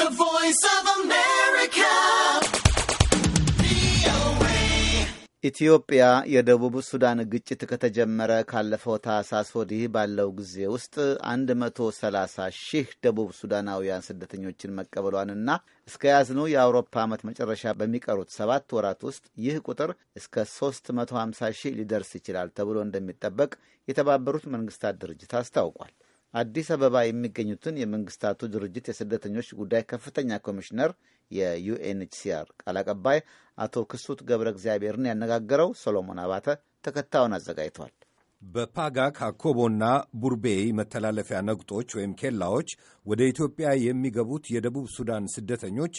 The Voice of America. ኢትዮጵያ የደቡብ ሱዳን ግጭት ከተጀመረ ካለፈው ታህሳስ ወዲህ ባለው ጊዜ ውስጥ 130 ሺህ ደቡብ ሱዳናውያን ስደተኞችን መቀበሏንና እስከ ያዝነው የአውሮፓ ዓመት መጨረሻ በሚቀሩት ሰባት ወራት ውስጥ ይህ ቁጥር እስከ 350 ሺህ ሊደርስ ይችላል ተብሎ እንደሚጠበቅ የተባበሩት መንግስታት ድርጅት አስታውቋል። አዲስ አበባ የሚገኙትን የመንግስታቱ ድርጅት የስደተኞች ጉዳይ ከፍተኛ ኮሚሽነር የዩኤንኤችሲአር ቃል አቀባይ አቶ ክሱት ገብረ እግዚአብሔርን ያነጋገረው ሶሎሞን አባተ ተከታዩን አዘጋጅቷል። በፓጋ ካኮቦና ቡርቤይ መተላለፊያ ነቁጦች ወይም ኬላዎች ወደ ኢትዮጵያ የሚገቡት የደቡብ ሱዳን ስደተኞች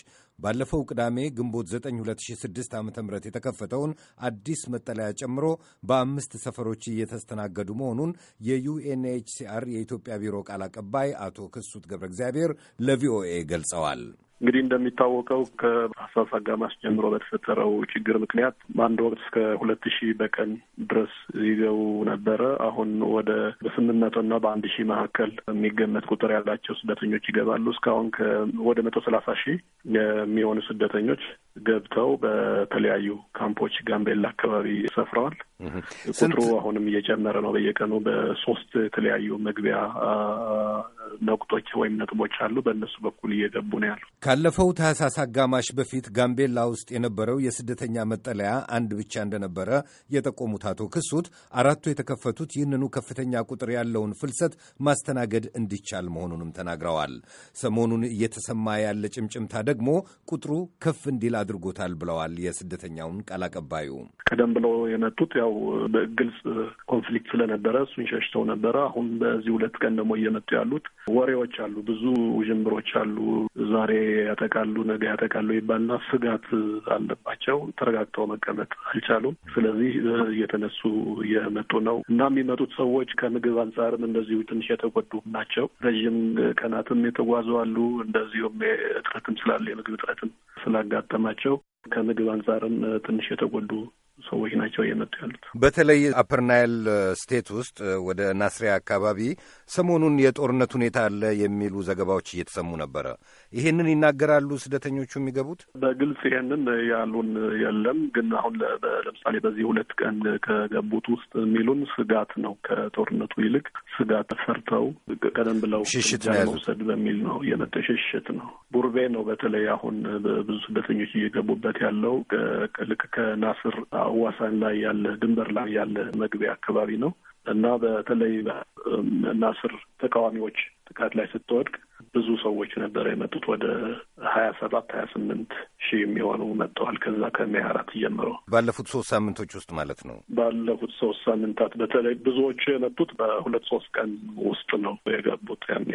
ባለፈው ቅዳሜ ግንቦት 9 2006 ዓ ም የተከፈተውን አዲስ መጠለያ ጨምሮ በአምስት ሰፈሮች እየተስተናገዱ መሆኑን የዩኤንኤችሲአር የኢትዮጵያ ቢሮ ቃል አቀባይ አቶ ክሱት ገብረ እግዚአብሔር ለቪኦኤ ገልጸዋል። እንግዲህ እንደሚታወቀው ከሀሳስ አጋማሽ ጀምሮ በተፈጠረው ችግር ምክንያት በአንድ ወቅት እስከ ሁለት ሺህ በቀን ድረስ ይገቡ ነበረ። አሁን ወደ በስምንት መቶ እና በአንድ ሺህ መካከል የሚገመት ቁጥር ያላቸው ስደተኞች ይገባሉ። እስካሁን ወደ መቶ ሰላሳ ሺህ የሚሆኑ ስደተኞች ገብተው በተለያዩ ካምፖች ጋምቤላ አካባቢ ሰፍረዋል። ቁጥሩ አሁንም እየጨመረ ነው። በየቀኑ በሶስት የተለያዩ መግቢያ ነቁጦች ወይም ነጥቦች አሉ። በእነሱ በኩል እየገቡ ነው ያሉ ካለፈው ታህሳስ አጋማሽ በፊት ጋምቤላ ውስጥ የነበረው የስደተኛ መጠለያ አንድ ብቻ እንደነበረ የጠቆሙት አቶ ክሱት አራቱ የተከፈቱት ይህንኑ ከፍተኛ ቁጥር ያለውን ፍልሰት ማስተናገድ እንዲቻል መሆኑንም ተናግረዋል። ሰሞኑን እየተሰማ ያለ ጭምጭምታ ደግሞ ቁጥሩ ከፍ እንዲል አድርጎታል ብለዋል። የስደተኛውን ቃል አቀባዩ ቀደም ብለው የመጡት ያው በግልጽ ኮንፍሊክት ስለነበረ እሱን ሸሽተው ነበረ። አሁን በዚህ ሁለት ቀን ደግሞ እየመጡ ያሉት ወሬዎች አሉ፣ ብዙ ውዥንብሮች አሉ ዛሬ ያጠቃሉ፣ ነገ ያጠቃሉ ይባልና ስጋት አለባቸው። ተረጋግተው መቀመጥ አልቻሉም። ስለዚህ እየተነሱ እየመጡ ነው እና የሚመጡት ሰዎች ከምግብ አንጻርም እንደዚሁ ትንሽ የተጎዱ ናቸው። ረዥም ቀናትም የተጓዙ አሉ። እንደዚሁም እጥረትም ስላለ የምግብ እጥረትም ስላጋጠማቸው ከምግብ አንጻርም ትንሽ የተጎዱ ሰዎች ናቸው እየመጡ ያሉት። በተለይ አፐርናይል ስቴት ውስጥ ወደ ናስሪያ አካባቢ ሰሞኑን የጦርነት ሁኔታ አለ የሚሉ ዘገባዎች እየተሰሙ ነበረ። ይሄንን ይናገራሉ ስደተኞቹ የሚገቡት? በግልጽ ይሄንን ያሉን የለም። ግን አሁን ለምሳሌ በዚህ ሁለት ቀን ከገቡት ውስጥ የሚሉን ስጋት ነው። ከጦርነቱ ይልቅ ስጋት ፈርተው ቀደም ብለው ሽሽት መውሰድ በሚል ነው የመጠ ሽሽት ነው። ቡርቤ ነው በተለይ አሁን ብዙ ስደተኞች እየገቡበት ያለው ልክ ከናስር አዋሳኝ ላይ ያለ ድንበር ላይ ያለ መግቢያ አካባቢ ነው እና በተለይ ናስር ተቃዋሚዎች ጥቃት ላይ ስትወድቅ ብዙ ሰዎች ነበረ የመጡት ወደ ሀያ ሰባት ሀያ ስምንት ሺህ የሚሆኑ መጥተዋል። ከዛ ከሜ አራት ጀምሮ ባለፉት ሶስት ሳምንቶች ውስጥ ማለት ነው። ባለፉት ሶስት ሳምንታት በተለይ ብዙዎቹ የመጡት በሁለት ሶስት ቀን ውስጥ ነው የገቡት። ያኔ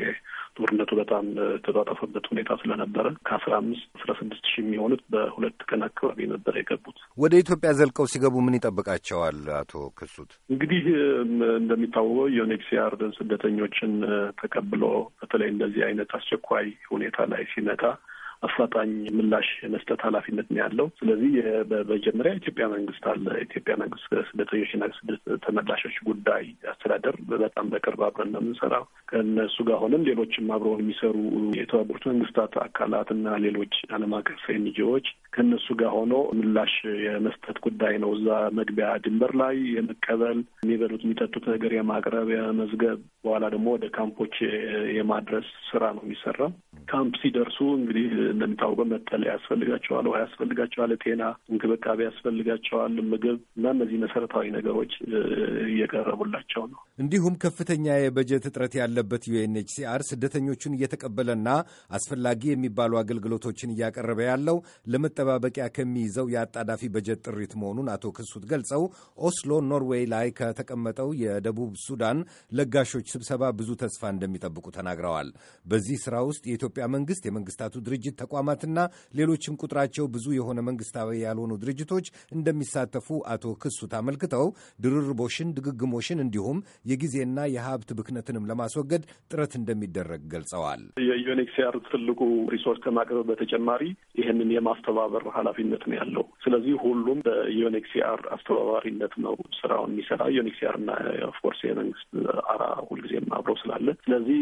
ጦርነቱ በጣም የተጧጠፈበት ሁኔታ ስለነበረ ከአስራ አምስት አስራ ስድስት ሺህ የሚሆኑት በሁለት ቀን አካባቢ ነበረ የገቡት። ወደ ኢትዮጵያ ዘልቀው ሲገቡ ምን ይጠብቃቸዋል? አቶ ክሱት እንግዲህ እንደሚታወቀው ዩኤንኤችሲአር ስደተኞችን ተቀብሎ ብሎ በተለይ እንደዚህ አይነት አስቸኳይ ሁኔታ ላይ ሲመጣ አፋጣኝ ምላሽ መስጠት ኃላፊነት ነው ያለው። ስለዚህ በመጀመሪያ ኢትዮጵያ መንግስት አለ። ኢትዮጵያ መንግስት ስደተኞችና ስደት ተመላሾች ጉዳይ አስተዳደር በጣም በቅርብ አብረን ነው የምንሰራው። ከእነሱ ጋር ሆነን ሌሎችም አብረውን የሚሰሩ የተባበሩት መንግስታት አካላት እና ሌሎች ዓለም አቀፍ ኤንጂዎች ከእነሱ ጋር ሆኖ ምላሽ የመስጠት ጉዳይ ነው። እዛ መግቢያ ድንበር ላይ የመቀበል የሚበሉት የሚጠጡት ነገር የማቅረብ የመዝገብ፣ በኋላ ደግሞ ወደ ካምፖች የማድረስ ስራ ነው የሚሰራው። ካምፕ ሲደርሱ እንግዲህ እንደሚታወቀው መጠለያ ያስፈልጋቸዋል፣ ውሃ ያስፈልጋቸዋል፣ ጤና እንክብካቤ ያስፈልጋቸዋል፣ ምግብ እና እነዚህ መሰረታዊ ነገሮች እየቀረቡላቸው ነው። እንዲሁም ከፍተኛ የበጀት እጥረት ያለበት ዩኤንኤችሲአር ስደተኞቹን እየተቀበለና አስፈላጊ የሚባሉ አገልግሎቶችን እያቀረበ ያለው ለመጠባበቂያ ከሚይዘው የአጣዳፊ በጀት ጥሪት መሆኑን አቶ ክሱት ገልጸው ኦስሎ ኖርዌይ ላይ ከተቀመጠው የደቡብ ሱዳን ለጋሾች ስብሰባ ብዙ ተስፋ እንደሚጠብቁ ተናግረዋል። በዚህ ስራ ውስጥ የኢትዮጵያ መንግስት፣ የመንግስታቱ ድርጅት ተቋማትና ሌሎችም ቁጥራቸው ብዙ የሆነ መንግስታዊ ያልሆኑ ድርጅቶች እንደሚሳተፉ አቶ ክሱት አመልክተው ድርርቦሽን፣ ድግግሞሽን እንዲሁም የጊዜና የሀብት ብክነትንም ለማስወገድ ጥረት እንደሚደረግ ገልጸዋል። የዩኤንኤችሲአር ትልቁ ሪሶርስ ከማቅረብ በተጨማሪ ይህንን የማስተባበር ኃላፊነት ነው ያለው። ስለዚህ ሁሉም በዩኤንኤችሲአር አስተባባሪነት ነው ስራውን የሚሰራ ዩኤንኤችሲአር እና ኦፍኮርስ የመንግስት አራ ሁልጊዜም አብረው ስላለ ስለዚህ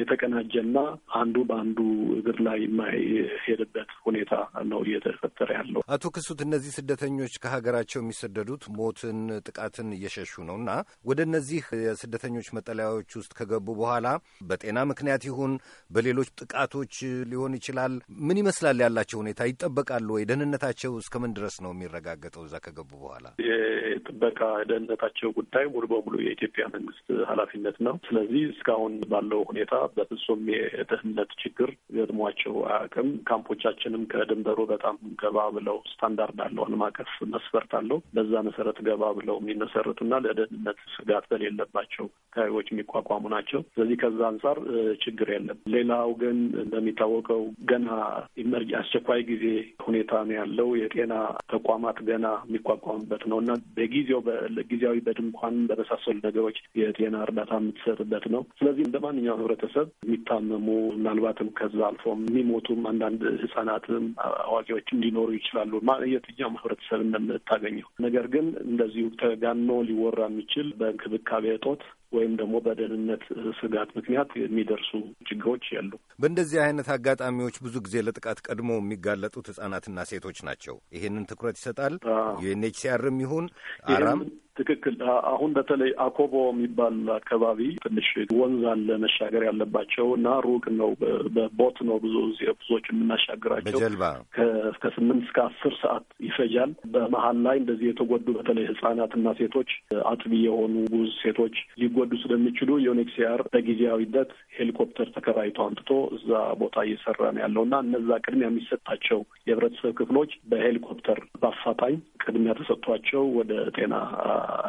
የተቀናጀና አንዱ በአንዱ አንዱ እግር ላይ የማይሄድበት ሁኔታ ነው እየተፈጠረ ያለው። አቶ ክሱት፣ እነዚህ ስደተኞች ከሀገራቸው የሚሰደዱት ሞትን፣ ጥቃትን እየሸሹ ነው እና ወደ እነዚህ የስደተኞች መጠለያዎች ውስጥ ከገቡ በኋላ በጤና ምክንያት ይሁን በሌሎች ጥቃቶች ሊሆን ይችላል ምን ይመስላል ያላቸው ሁኔታ? ይጠበቃሉ ወይ? ደህንነታቸው እስከምን ድረስ ነው የሚረጋገጠው? እዛ ከገቡ በኋላ የጥበቃ ደህንነታቸው ጉዳይ ሙሉ በሙሉ የኢትዮጵያ መንግስት ኃላፊነት ነው። ስለዚህ እስካሁን ባለው ሁኔታ በፍጹም የደህንነት ችግር ችግር ገጥሟቸው አያውቅም። ካምፖቻችንም ከድንበሩ በጣም ገባ ብለው ስታንዳርድ አለው፣ ዓለም አቀፍ መስፈርት አለው። በዛ መሰረት ገባ ብለው የሚመሰርቱና ለደህንነት ስጋት በሌለባቸው አካባቢዎች የሚቋቋሙ ናቸው። ስለዚህ ከዛ አንጻር ችግር የለም። ሌላው ግን እንደሚታወቀው ገና ኢመርጅ አስቸኳይ ጊዜ ሁኔታ ነው ያለው። የጤና ተቋማት ገና የሚቋቋምበት ነው እና በጊዜው ጊዜያዊ በድንኳን በመሳሰሉ ነገሮች የጤና እርዳታ የምትሰጥበት ነው። ስለዚህ እንደ ማንኛውም ህብረተሰብ የሚታመሙ ምናልባት የሚገደሉ ከዛ አልፎ የሚሞቱም አንዳንድ ህጻናትም አዋቂዎች እንዲኖሩ ይችላሉ። የትኛውም ህብረተሰብ እንደምታገኘው ነገር ግን እንደዚሁ ተጋኖ ሊወራ የሚችል በእንክብካቤ እጦት ወይም ደግሞ በደህንነት ስጋት ምክንያት የሚደርሱ ችግሮች ያሉ። በእንደዚህ አይነት አጋጣሚዎች ብዙ ጊዜ ለጥቃት ቀድሞ የሚጋለጡት ህጻናትና ሴቶች ናቸው። ይሄንን ትኩረት ይሰጣል ዩኤንኤችሲአርም ይሁን አራም። ትክክል። አሁን በተለይ አኮቦ የሚባል አካባቢ ትንሽ ወንዝ አለ መሻገር ያለባቸው እና ሩቅ ነው። በቦት ነው ብዙ ብዙዎች የምናሻግራቸው በጀልባ ከስምንት እስከ አስር ሰዓት ይፈጃል። በመሀል ላይ እንደዚህ የተጎዱ በተለይ ህጻናትና ሴቶች አጥቢ የሆኑ ጉዝ ሴቶች ሊጎዱ ስለሚችሉ ዩኤንኤችሲአር በጊዜያዊነት ሄሊኮፕተር ተከራይቶ አምጥቶ እዛ ቦታ እየሰራ ነው ያለው እና እነዛ ቅድሚያ የሚሰጣቸው የህብረተሰብ ክፍሎች በሄሊኮፕተር በአፋጣኝ ቅድሚያ ተሰጥቷቸው ወደ ጤና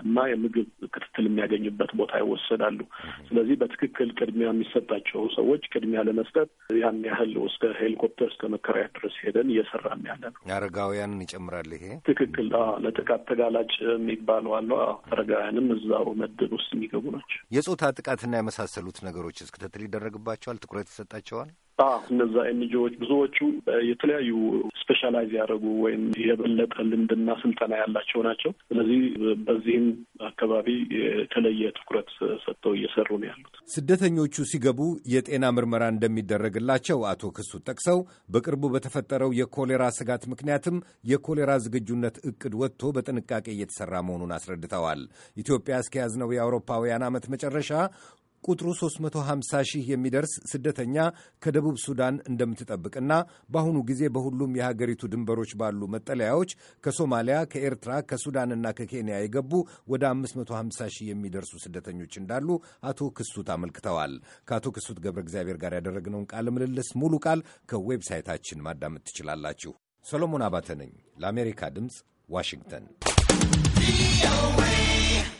እና የምግብ ክትትል የሚያገኝበት ቦታ ይወሰዳሉ። ስለዚህ በትክክል ቅድሚያ የሚሰጣቸው ሰዎች ቅድሚያ ለመስጠት ያን ያህል እስከ ሄሊኮፕተር እስከ መከራያ ድረስ ሄደን እየሰራ ነው ያለ ነው። አረጋውያን ይጨምራል ይሄ ትክክል። ለጥቃት ተጋላጭ የሚባለው አለ። አረጋውያንም እዛው መድብ ውስጥ የሚገቡ ነው። ናቸው። የጾታ ጥቃትና የመሳሰሉት ነገሮች እስክትትል ይደረግባቸዋል፣ ትኩረት ይሰጣቸዋል። እነዛ ኤንጂዎች ብዙዎቹ የተለያዩ ስፔሻላይዝ ያደረጉ ወይም የበለጠ ልምድና ስልጠና ያላቸው ናቸው። ስለዚህ በዚህም አካባቢ የተለየ ትኩረት ሰጥተው እየሰሩ ነው ያሉት። ስደተኞቹ ሲገቡ የጤና ምርመራ እንደሚደረግላቸው አቶ ክሱ ጠቅሰው በቅርቡ በተፈጠረው የኮሌራ ስጋት ምክንያትም የኮሌራ ዝግጁነት እቅድ ወጥቶ በጥንቃቄ እየተሰራ መሆኑን አስረድተዋል። ኢትዮጵያ እስከያዝነው የአውሮፓውያን ዓመት መጨረሻ ቁጥሩ 350 ሺህ የሚደርስ ስደተኛ ከደቡብ ሱዳን እንደምትጠብቅና በአሁኑ ጊዜ በሁሉም የሀገሪቱ ድንበሮች ባሉ መጠለያዎች ከሶማሊያ፣ ከኤርትራ፣ ከሱዳንና ከኬንያ የገቡ ወደ 550 ሺህ የሚደርሱ ስደተኞች እንዳሉ አቶ ክሱት አመልክተዋል። ከአቶ ክሱት ገብረ እግዚአብሔር ጋር ያደረግነውን ቃለ ምልልስ ሙሉ ቃል ከዌብሳይታችን ማዳመጥ ትችላላችሁ። ሰሎሞን አባተ ነኝ ለአሜሪካ ድምፅ ዋሽንግተን።